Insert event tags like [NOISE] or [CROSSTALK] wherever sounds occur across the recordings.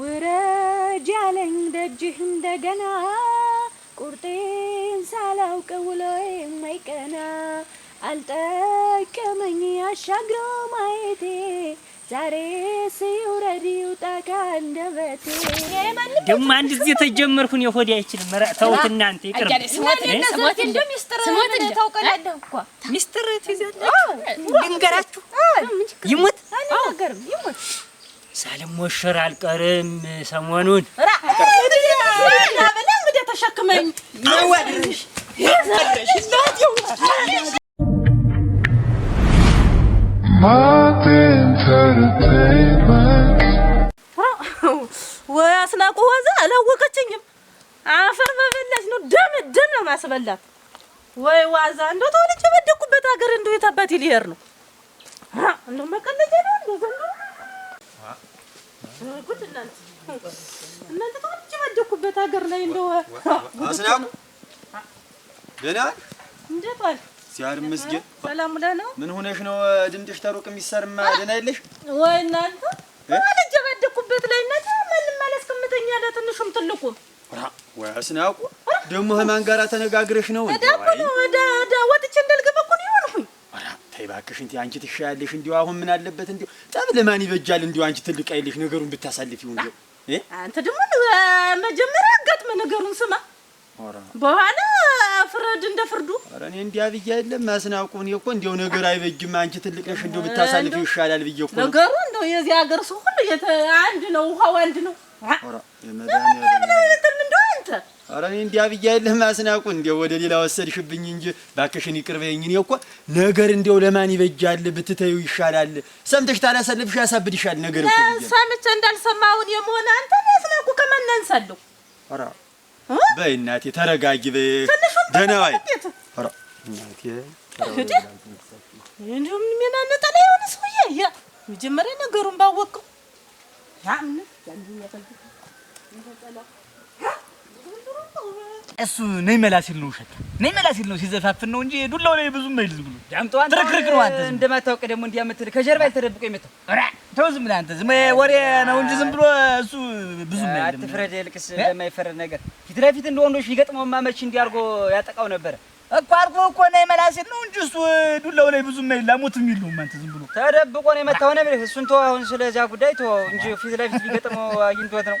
ውረጅ ያለኝ ደጅህ እንደገና ቁርጤን ሳላውቅ ውሎዬ የማይቀና አልጠቀመኝ አሻግሮ ማየቴ ዛሬ ሲውረድ ይውጣ ደግሞ አንድ አይችልም። ተውት እናንተ ሚስጥር ትይዛለች፣ ሳልሞሽር አልቀርም ሰሞኑን ተሸክመኝ ወይ አስናቁ ወዛ አላወቀችኝም። አፈር በበላች ነው ደም ደም ነው ማስበላት። ወይ ዋዛ እንደው ተወልጄ በደኩበት ሀገር እንደው የት ሊሄድ ነው? እንደው መቀለጃ ነው እንደው ጉድ እናንተ እናንተ ተወልጄ ባደኩበት ሀገር ላይ እንደው አስናም ደህና እንዴት ዋል ሲያር መስጊድ ሰላም ደህና ነው። ምን ሆነሽ ነው ድምፅሽ ተሩቅ የሚሰርማ ደህና የለሽ ወይ እናንተ? ተወልጄ ባደኩበት ላይ እናንተ ማንም አላስቀምጠኝ አለ ትንሹም ትልቁም። ወይ አስናቁ ደግሞ ከማን ጋራ ተነጋግረሽ ነው? ወጥቼ እንዳልገባ እኮ ነው የሆንኩኝ። ተይ እባክሽ፣ እንትን አንቺ ትሻያለሽ። እንዲሁ አሁን ምን አለበት እንዲሁ ጠብ ለማን ይበጃል? እንዲሁ አንቺ ትልቅ አይልሽ ነገሩን ብታሳልፊው። እንዲሁ አንተ ደግሞ መጀመሪያ አጋጥመ ነገሩን ስማ፣ በኋላ ፍረድ እንደ ፍርዱ። ኧረ እኔ እንዲያ አብዬ አይደለም አስናቁ። እኔ እኮ እንዲሁ ነገር አይበጅም። አንቺ ትልቅ ነሽ፣ እንዲሁ ብታሳልፊው ይሻላል ብዬ እኮ ነገሩ እንደው የዚህ ሀገር ሰው ሁሉ አንድ ነው፣ ውሃው አንድ ነው። ኧረ እኔ እንዲያ ብያለሁ። ማስናቁ እንዲያው ወደ ሌላ ወሰድሽብኝ እንጂ እባክሽን ይቅርበኝ። በይኝ። እኔ እኮ ነገር እንዲያው ለማን ይበጃል ብትተዩ ይሻላል። ሰምተሽ ታላሰልብሽ ያሳብድሻል። ነገር እኮ ሰምቼ እንዳልሰማሁን የመሆን አንተ ማስናቁ ከመነን ሰለው ኧረ በይ እናቴ ተረጋጊ፣ በይ ደህና ዋይ። ኧረ እናቴ እንዲሁ ምን ሚናነጠ ላይ የሆነ ሰውዬ ያ መጀመሪያ ነገሩን ባወቀው ያ ምን ያን ያጠልኩ እሱ ነይ መላ ሲል ነው ውሸት፣ ነይ መላ ሲል ነው ሲዘፋፍን ነው እንጂ ዱላው ላይ ብዙም አይልዝ ብሎ ዳምጣው። ትርክርክ ነው አንተ እንደማታውቅ ደግሞ እንዲያ የምትል ከጀርባ ተደብቆ የመጣው ኧረ ተው ዝም ብለህ አንተ ዝም ወሬ ነው እንጂ ዝም ብሎ እሱ ብዙም አይልም። አትፍረድ፣ ልቅስ ለማይፈረድ ነገር ፊት ለፊት እንደ ወንዶች ይገጥመው ማመች እንዲህ ያጠቃው ነበረ እኮ አድርጎ እኮ ነይ መላ ሲል ነው እንጂ እሱ ዱላው ላይ ብዙም አይል ላሞት የሚል ነው አንተ ዝም ብሎ ተደብቆ ነው የመጣው ነው። እሱን ተው አሁን፣ ስለዚያ ጉዳይ ተው እንጂ ፊት ለፊት ቢገጥመው አግኝቶት ነው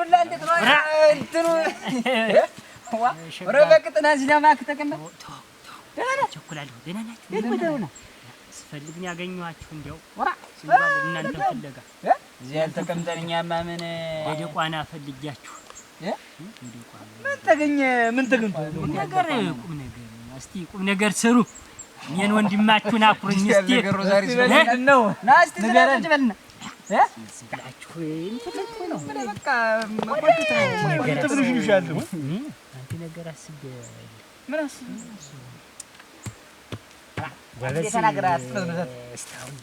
ዱላ እንዴት ነው እንትኑ በቅጥና እዚህ እባክህ ያገኘኋችሁ። እንዲያው እናንተ ፍለጋ እዚህ አልተቀምጠን እኛማ ምን ደቋና ፈልጊያችሁ ምን ተገኘ? ምን ቁም ነገር ቁም ነገር እስቲ ቁም ነገር ስሩ። እኔን ወንድማችሁን አኩሩኝ እስቲ ነው ናስቲ ዘራ እስካሁን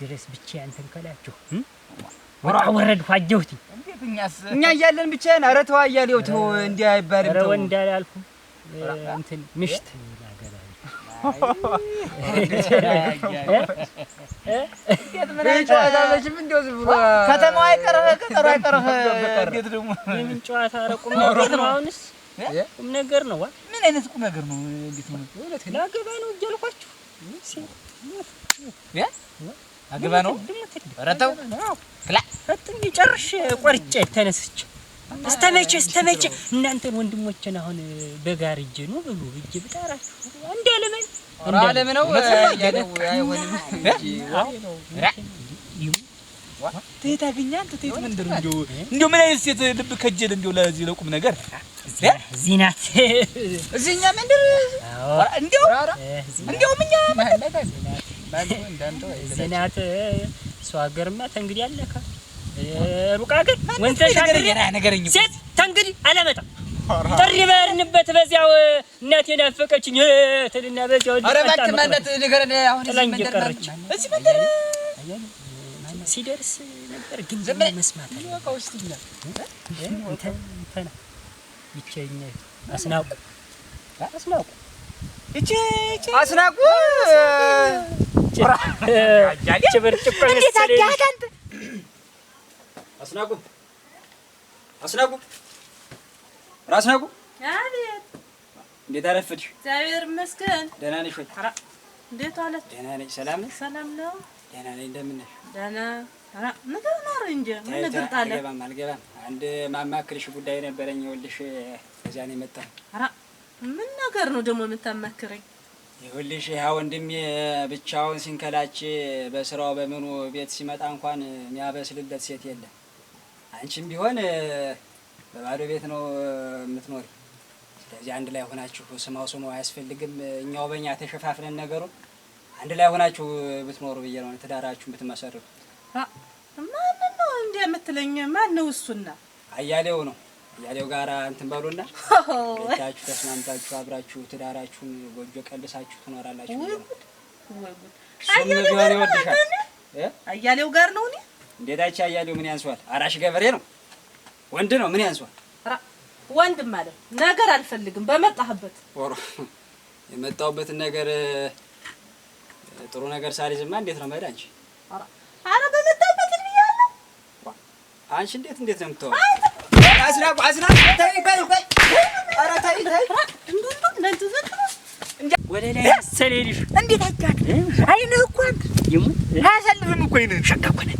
ድረስ ብቻዬን ተንከላችሁ ወራ ወረድኩ እኛ እያለን ብቻዬን ኧረ ተው እንዲህ አይባልም። ተው እንዳላልኩ እንትን ምሽት ከተማዋ አይቀርህ ቀጠሮ አይቀርህ። እንዴት ደግሞ የምን ጨዋታ? ቁም ነገር ነው። አሁንስ ቁም ነገር ነው። ምን አይነት ቁም ነገር ነው? እንዴት ነው? ላገባ ነው አገባ ነው። ኧረ ተው ጨርሼ ቆርጬ ተነስቼ እስተመቼ እስተመቼ እናንተን ወንድሞችን አሁን በጋር እጄ ነው ብሎ እጄ ብታራችሁ እንደ ለምን አለም ነው ትሄድ አገኘህ አንተ ትሄድ መንደር እንደው እንደው ምን አይነት ሴት ልብ ከጀል እንደው ለዚህ ለቁም ነገር እዚህ ናት እዚህኛ መንደር እንደው እንደውም እኛ እዚህ ናት እሷ ሀገርማ ተንግዲህ አለካ ሩቅ አገር ወንዝ ተሻግሬ ሴት ተንግዲህ አላመጣም። ጥሪ በርንበት በዚያው እናቴ ናፈቀችኝ ትልና በዚያው ጥላኝ እየቀረች ሲደርስ ነበር ግን መስማት እንትና ይቸኛ አስናቁ አስናቁ እቺ አስናቁ ብርጭቆ አስናቁ አስናቁ ራስናቁ አቤት እንዴት አረፈድሽ? እግዚአብሔር ይመስገን። ደህና ነሽ ወይ? ኧረ እንዴት ዋለሽ? ደህና ነኝ። ሰላም ነሽ? ሰላም ነው። ደህና ነኝ። እንደምን ነሽ? ደህና ምግብ እንጂ ምን ግልጥ አለ። አልገባም አልገባም። አንድ ማማክርሽ ጉዳይ ነበረኝ። ይኸውልሽ እዚያ ነው ኧረ ምን ነገር ነው ደግሞ የምታማክረኝ? ይኸውልሽ ያ ወንድሜ ብቻውን ሲንከላች በስራው በምኑ ቤት ሲመጣ እንኳን የሚያበስልለት ሴት የለም። አንቺም ቢሆን በባዶ ቤት ነው የምትኖሪ። ስለዚህ አንድ ላይ ሆናችሁ ስማው ስሙ አያስፈልግም። እኛው በእኛ ተሸፋፍነን ነገሩ አንድ ላይ ሆናችሁ ብትኖሩ ብዬ ነው ትዳራችሁ ብትመሰርቱ። ማን ነው እንዲህ የምትለኝ? ማን ነው እሱና? አያሌው ነው። አያሌው ጋራ እንትን በሉና ታችሁ ተስማምታችሁ አብራችሁ ትዳራችሁን ጎጆ ቀልሳችሁ ትኖራላችሁ። አያሌው ጋር ነው እኔ እንዴታች አይቼ አያሌው ምን ያንሷል? አራሽ ገበሬ ነው፣ ወንድ ነው። ምን ያንሷል? ወንድም አለ ነገር አልፈልግም። በመጣህበት ወሮ [LAUGHS] የመጣሁበትን ነገር ጥሩ ነገር ሳሪዝማ እንዴት ነው መሄድ? አንቺ ኧረ በመጣሁበት ብያለሁ። አንቺ እንዴት እንዴት ነው የምትሆነው? አስራ አስራ ተይ በል በል ኧረ ተይ ተይ ወደ ላይ ሰሌልሽ እንዴት አያት አይንህ እኮ አንተ ይሙት አያሳልፍም እኮ ይንህ ሸጋ እኮ ነህ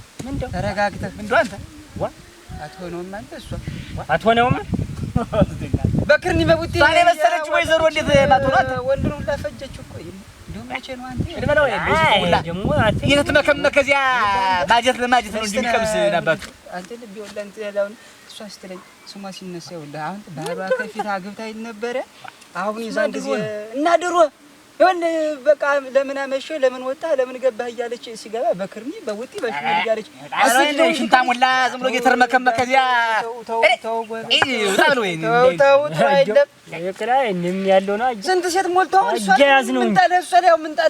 ተረጋግተህ አትሆነውም አንተ እሷ በክርኒ በቡጤ ታኔ መሰለች ወይዘሮ እንዴት ማትሆናት ወንድ ነው እኮ እንደው መቼ ማጀት ለማጀት ነው እንጂ የሚቀምስ ናባቱ አንተ ልብ ይወላ አንተ እሷ ስትለኝ ስሟ ሲነሳ ይወላ አሁን ባባ ከፊት አግብታ ነበረ አሁን ይዛ እንደዚህ እና ድሮ ይሁን በቃ ለምን አመሸ ለምን ወጣ ለምን ገባህ እያለች ሲገባ በክርኒ በውጢ በሽሚ እያለች ሽንታ ሙላ ዝም ብሎ እየተርመከመከ እዚያ ስንት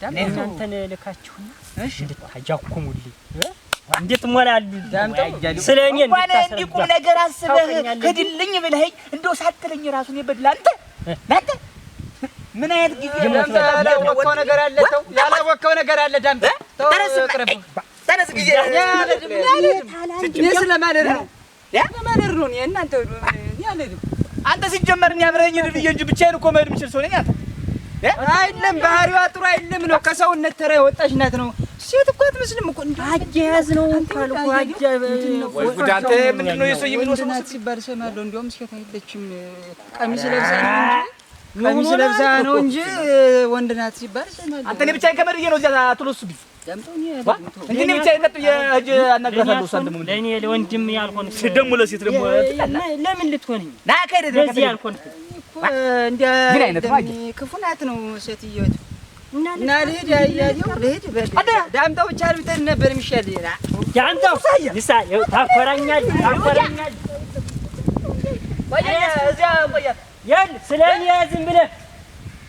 ዳምጠው እናንተን ልካችሁና እሺ እንድታጃኩሙልኝ እንዴት ሞላሉ ስለ እኔ እንዲቁም ነገር አስበህ ሂድልኝ ብለኸኝ እንደው ሳትለኝ ራሱ እኔ በድል አንተ ምን አይነት ጊዜ ያላወቀው ነገር አለ ሰው ያላወቀው ነገር አለ ዳምጠ ተረስ ቅረብ ተረስ ጊዜ ያለ ለማደር ነው ለማደር ነው እናንተ ያለ አንተ ሲጀመር እኔ አብረኸኝ ሂድ እንጂ ብቻዬን እኮ መሄድ የምችል ሰው ነኝ አንተ አይለም ባህሪዋ ጥሩ አይለም ነው። ከሰውነት ተራ የወጣች ናት ነው። ሴት እኮ አትመስልም እኮ አያያዝ ነው ካልኩ ጉዳንተ ምንድን ነው የሰው የሚወስድ ሲባል እሰማለሁ። እንዲያውም ሴት አይለችም ቀሚስ ለብሳ ነው እንጂ ቀሚስ ለብሳ ነው እንጂ ወንድ ናት ሲባል እሰማለሁ። አንተ እኔ ብቻዬን ከመድዬ ነው እዚያ አትሎሱብኝ እንግዲህ ብቻ ይመጡ የእጅ አናግራታለሁ። እሷን ደግሞ ለእኔ ለወንድም ያልሆን ደግሞ ለሴት ደግሞ ለምን ልትሆንኝ ናከ ያልሆን ክፉ ናት ነው ሴትዮቱ። እና ልሂድ አያሌው ልሂድ በል ዳምጠው ብቻ ልብተን ነበር የሚሻል ዳምጠው ይሳ ታኮራኛል ታኮራኛል። እዚያ ቆያ ያን ስለ እኔ ዝም ብለህ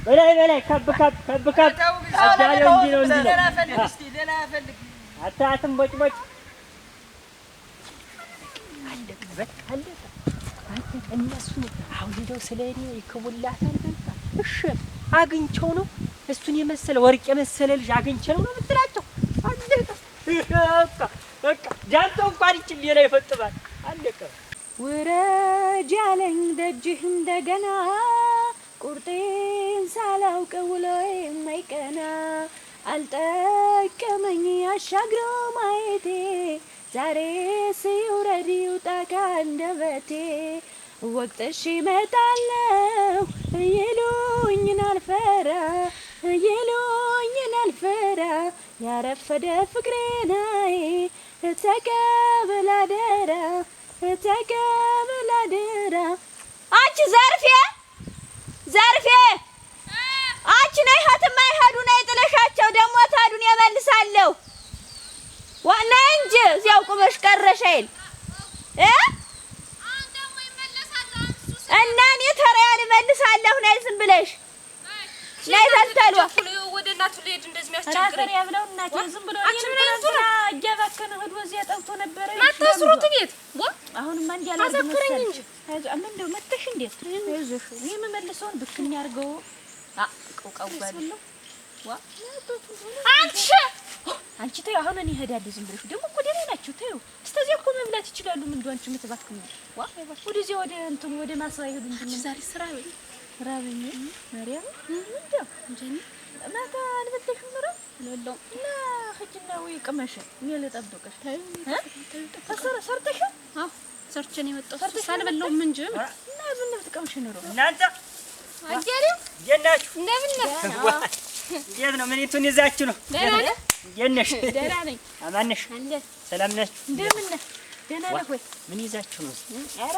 በላይ በላይ ከብ ከብ ከብ ከብ አዳለው እንጂ ነው እንጂ ነው አታትም ቦጭ ቦጭ አለቅበት አለቅ እነሱ አሁን ሄደው ስለ እኔ ይክቡላታል። በቃ እሺ አግኝቸው ነው እሱን የመሰለ ወርቅ የመሰለ ልጅ አግኝቼ ነው ነው የምትላቸው። አለቀ በቃ ጃንተው እንኳን ይችል ሌላ ይፈጥባል። አለቀ ውረጅ ያለኝ ደጅህ እንደገና ቁርጤን ሳላውቅ ውሎ የማይቀና አልጠቀመኝ አሻግሮ ማየቴ ዛሬ ሲውረድ ይውጣ ከአንደበቴ ወቅትሽ ይመጣለው ይሉኝን አልፈራ ይሉኝን አልፈራ ያረፈደ ፍቅሬ ናይ ተቀበል አደራ ተቀበል ዘርፌ ዘርፌ አንቺ ነይ ሀትማ ይሄዱ ነይ ጥለሻቸው ደግሞ ታዱን የመልሳለሁ ዋና እንጂ እዚያው ቁመሽ ቀረሽ እ ነይ ዝም ብለሽ ነይ ተልተሏ ወደ እናቱ ልሄድ እንደዚህ እናቴ ዝም እያባከነ ሆድ በዚያ ጠብቶ ነበረ። ማታስሩት ቤት አሁንማ እንጂ ምን እንደው መተሽ እንዴት ይዞሽ የምመልሰውን አንቺ አንቺ ተይው። አሁን እኔ እሄዳለሁ። ዝም ብለሽ ደግሞ እኮ ደህና ናቸው። ተይው እኮ መብላት ይችላሉ። ምንድን አንቺ የምትባክኝ? ወደ እንትኑ ወደ ይሄዱ ዛሬ ስራ ራበኝ። ማርያም እንደው እንጀኒ ማታ አልበላሽም? ምራ ለለው እና ሂጂና ወይ ቅመሽ፣ ነው ምን እንዴት ነው? ምን ይቱን ይዛችሁ ነው? ደህና ነህ? እንዴት ደህና ነኝ። አማን ነሽ? ሰላም ነሽ? እንደምን ነህ? ደህና ነህ ወይ? ምን ይዛችሁ ነው? ኧረ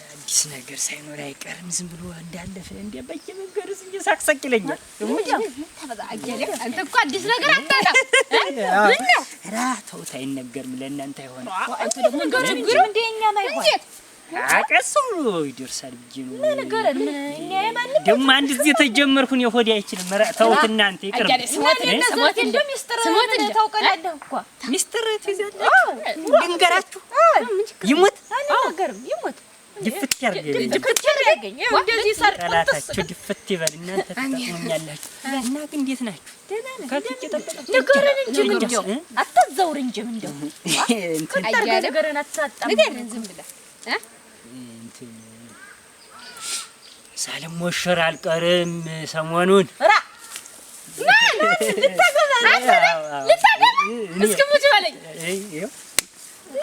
አዲስ ነገር ሳይኖር አይቀርም። ዝም ብሎ እንዳለፈ እንዴ በየመንገዱ እየሳቅሳቅ ይለኛል። አንተ እኮ አዲስ ነገር አታጣም። ኧረ ተውት፣ አይነገርም። ለእናንተ አይሆንም። ችግሩ እንደ እኛም አይሆንም። አቀሱ ይደርሳል ብዬ ነው ደግሞ አንድ ጊዜ ተጀመርኩን የሆዴ አይችልም። ተውት እናንተ ይቅር። ሚስጥር ትይዛለህ፣ ይሞት ድፍት ያርገኝ ድፍት ያርገኝ። ይበል። እናንተ እና ግን እንዴት ናችሁ? ንገረን እንጂ ምን እንደው እንጂ ምን እንደው ንገረን፣ አታጣም ንገረን። ዝም ብለህ ሳልሞሽር አልቀርም። ሰሞኑን ራ ማን ልታገባ ልታገባ እስክሙት ይበለኝ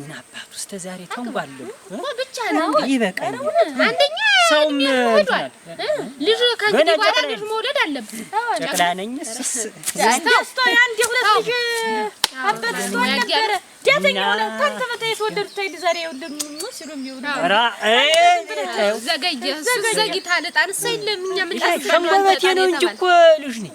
ምን አባት ውስጥ ዛሬ ተንጓለሁ ብቻ ነው። ይበቃል። አንደኛ ሰውም ልጅ ከእንግዲህ በኋላ ልጅ መውለድ አለብን። ጨቅላ ነኝ። አንድ የሁለት ልጅ አባት ስትሆን ነበረ ዳተኛ ሆነ። ታንተ መታ የተወለዱት ታይድ ዛሬ የወለዱ ሲሉ ዘገየ ዘግይታል። ዕጣን እሰይ ለምኛ ምጣ ሸምበበቴ ነው እንጂ እኮ ልጅ ነኝ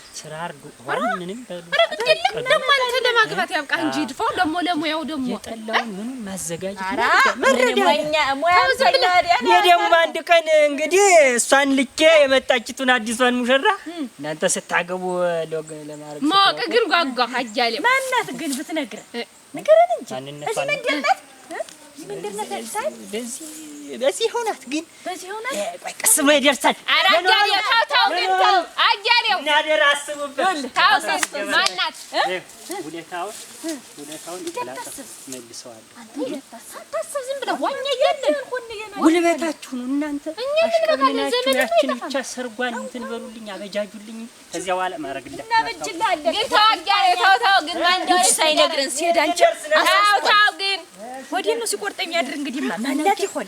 ስራ አርዱ ምንም በሉ እናንተ ለማግባት ያብቃ እንጂ ድፋው ደግሞ ለሙያው ደግሞ የጠላውን ምኑን ማዘጋጀት ደግሞ አንድ ቀን እንግዲህ እሷን ልኬ የመጣችቱን አዲሷን ሙሽራ እናንተ ስታገቡ ለማድረግ ማወቅ ግን ጓጓ። አያሌ ማናት ግን ብትነግረን ንገረን እንጂ እዚህ መንደር ናት። እዚህ መንደር ናት። በዚህ ሆናት ግን በዚህ ሆናት ቀስ ብሎ ይደርሳል። ኧረ አያሌው ተው ተው ግን ተው አያሌው እና አስቡበት። ተው ግን ማናት ሁኔታውን ሁኔታውን ይላታል መልሰዋል። አታስብ ዝም ብለህ ዋኛ እያለን ጉልበታችሁ ነው እናንተ እኛ ምንበቃለን። ብቻ ሰርጓን እንትን በሉልኝ አበጃጁልኝ። ከዚያ በኋላ ማድረግ እንዳ ግን ተው አያሌው ተው ተው ግን ማንዳው ሳይነግረን ሲሄድ ተው ተው ግን ወዲህ ነው ሲቆርጠኝ ያድር እንግዲህ ማናት ይሆን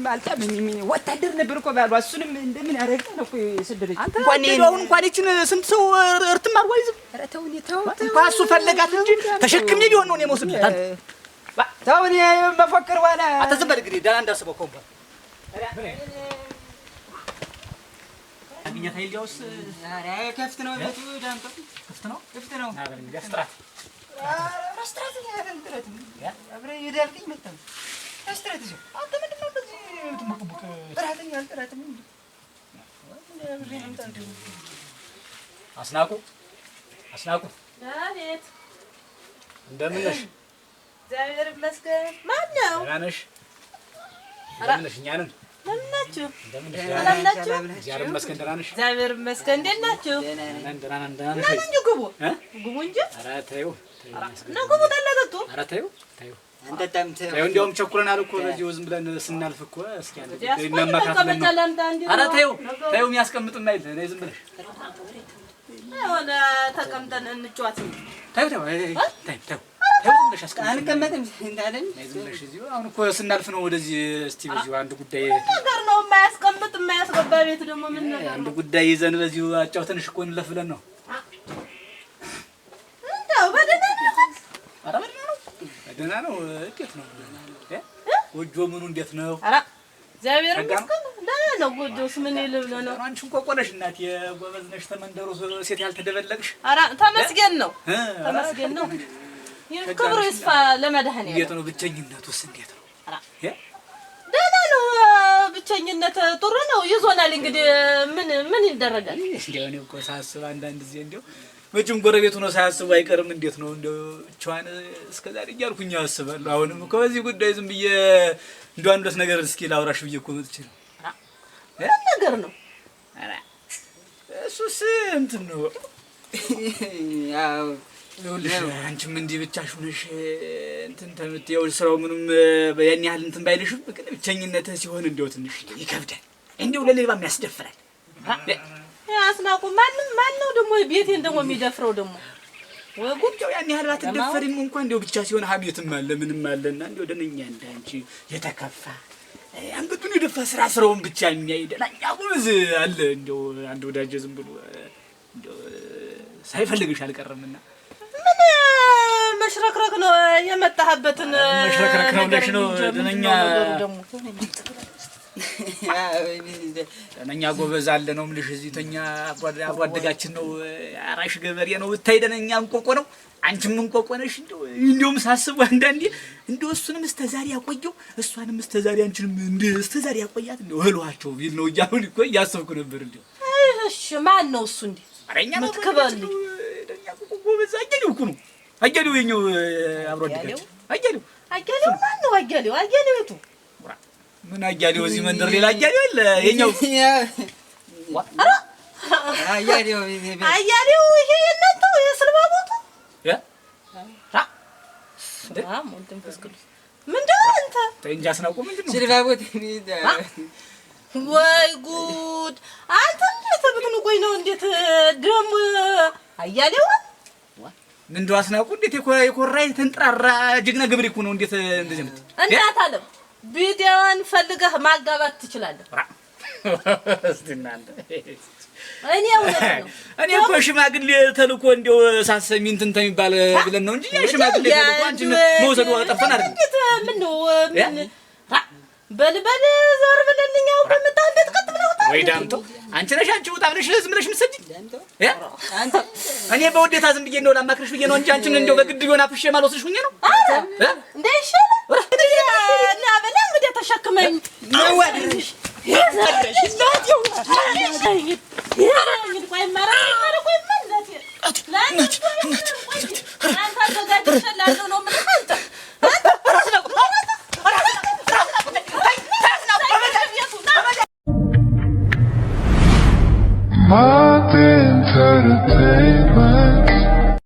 ምንም አልጣመኝም። ወታደር ነበር እኮ ባሏ። እሱንም እንደምን ያደረገ ነው እኮ የሰደደች። አሁን እንኳን ይችን ስንት ሰው እርትም አልዋይዝም። ኧረ ተው እኔ ተው እንኳ እሱ ፈለጋት እንጂ ተሸክሜ ቢሆን ነው እኔ መውሰድ። ተው እኔ መፎክር በኋላ አንተ ዝም በል እንግዲህ ደህና እንዳስበው እኮ እንኳን አግኘት ነው ክፍት ነው ክፍት ነው አስናቁ አስናቁ፣ አቤት፣ እንደምን ነሽ? እግዚአብሔር ይመስገን። ማን ነው? ደህና ነሽ? እንደምን ነሽ? እኛ ነን። እንደምን ናችሁ? ናችሁ? እግዚአብሔር ይመስገን። ደህና ነሽ? እግዚአብሔር ይመስገን። እንዴት ናችሁ? ደህና ነን። ግቡ፣ ግቡ እንጂ። ኧረ ተይው ግቡ። ኧረ ተይው፣ ተይው እንዲያውም ቸኩረናል እኮ በዚህ ዝም ብለን ስናልፍ እኮ እስኪ ኧረ ተይው ተይው፣ የሚያስቀምጥም አይደል እኔ ዝም ብለሽ ተቀምጠን ስናልፍ ነው። ወደዚህ እስኪ በዚሁ አንድ ጉዳይ ነገር ነው የማያስቀምጥ የማያስገባ ቤት ደግሞ ምን ነገር አንድ ጉዳይ ይዘን በዚሁ አጫውተንሽ እኮ እንለፍ ብለን ነው ደህና ነው። እንዴት ነው ጎጆ? ምኑ እንዴት ነው? ኧረ እግዚአብሔር ይመስገን ደህና ነው። ጎጆስ ምን ልብሎ ነው? አንቺ እንኳን ቆነሽ እናት የጎበዝ ነሽ፣ ተመንደሩ ሴት ያልተደበለቅሽ። ኧረ ተመስገን ነው፣ ተመስገን ነው። ክብሩ ይስፋ ለመድኃኒዓለም። እንዴት ነው ብቸኝነቱስ? እንዴት ነው? ደህና ነው። ብቸኝነት ጥሩ ነው፣ ይዞናል። እንግዲህ ምን ምን ይደረጋል? እንዲያው እኔ እኮ ሳስብ አንዳንድ ጊዜ እንዲያው መቼም ጎረቤት ሆኖ ሳያስቡ አይቀርም። እንዴት ነው እንደ ብቻዋን እስከዛሬ እያልኩኝ አስባለሁ። አሁንም እኮ በዚህ ጉዳይ ዝም ብዬ እንደ አንዱስ ነገር እስኪ ላውራሽ ብዬ እኮ መጥቼ ነው። ምን ነገር ነው? እሱስ እንትን ነው። አንቺም እንዲህ ብቻሽ ሆነሽ እንትን ተምት ተምትየው ስራው ምንም ያን ያህል እንትን ባይልሽም ግን ብቸኝነት ሲሆን እንዲው ትንሽ ይከብዳል። እንዲው ለሌባም ያስደፍራል። አስናቁ ማንም ማን ነው ደግሞ ቤቴን ደግሞ የሚደፍረው ደግሞ ጉዳዩ ያን ያህል አትደፈሪም እንኳ እንዲያው ብቻ ሲሆን ሀሜትም አለ ምንም አለና እንዲያው ደነኛ እንዳንቺ የተከፋ አንገቱን የደፋ ስራ ስራውን ብቻ የሚያይ ደናኛ አለ። እንዲያው አንድ ወዳጀ ዝም ብሎ ሳይፈልግሽ አልቀረምና ምን መሽረክረክ ነው የመጣህበትን መሽረክረክ ነው ደሽ ነው ደነኛ ደነኛ ጎበዝ አለ ነው የምልሽ። እዚህ ተኛ አብሮ ነው፣ አራሽ ገበሬ ነው። ብታይ ደነኛ እንቆቆ ነው። አንቺም እንቆቆ ነሽ። እንዲሁም ሳስበው አንዳንዴ እንደው እሱንም እስከ ዛሬ ያቆየው እሷንም እስከ ዛሬ አንቺንም እንደ እስከ ዛሬ ያቆያት እንደው እህሏቸው ቢል ነው እያሉ እኮ እያሰብኩ ነበር። እንደው እሺ፣ ማን ነው እሱ? እንደ አረኛ ምትከበል ጎበዝ አያሌው እኮ ነው። አያሌው የኛው አብሮ አደጋችን አያሌው። አያሌው ማን ነው? አያሌው አያሌው የቱ ምን አያሌው እዚህ መንደር ሌላ አያሌው አለ? የኛው [LAUGHS] አያሌው ይሄ [LAUGHS] የእናንተ የስልባ ቦቱ አንተ ወይ ጉድ! አንተ እንዴት ብትንቆይ ነው? እንዴት ደግሞ አያሌው እንደው አስናውቁ እንዴት የኮራ የተንጠራራ ጀግና ገብሬ እኮ ነው። እንዴት እንደዚህ ምት አለም ቢዲያዋን ፈልገህ ማጋባት ትችላለህ። [LAUGHS] እስቲ እናንተ እኔ እኮ ሽማግሌ ተልኮ እንደው ሳሰሚ እንትን ተሚባል ብለን ነው እንጂ ሽማግሌ ተልኮ አንቺ መውሰዱ ጠፍተን አይደል? ምን ነው ምን በል ዞር ብለልኛው በመጣ እንዴት ቀጥ ብለው ወይ ዳምቶ አንቺ ነሽ አንቺ ውጣ ብለሽ ዝም ብለሽ ምሰጂ እኔ በውዴታ ዝም ብዬ ነው ላማክርሽ ብዬ ነው እንጂ አንቺን እንደው በግድ ቢሆን አፍሼ ማልወስድሽ ሁኜ ነው እንዴ? እሺ አቅመኝ መወድሽ Martin Entertainment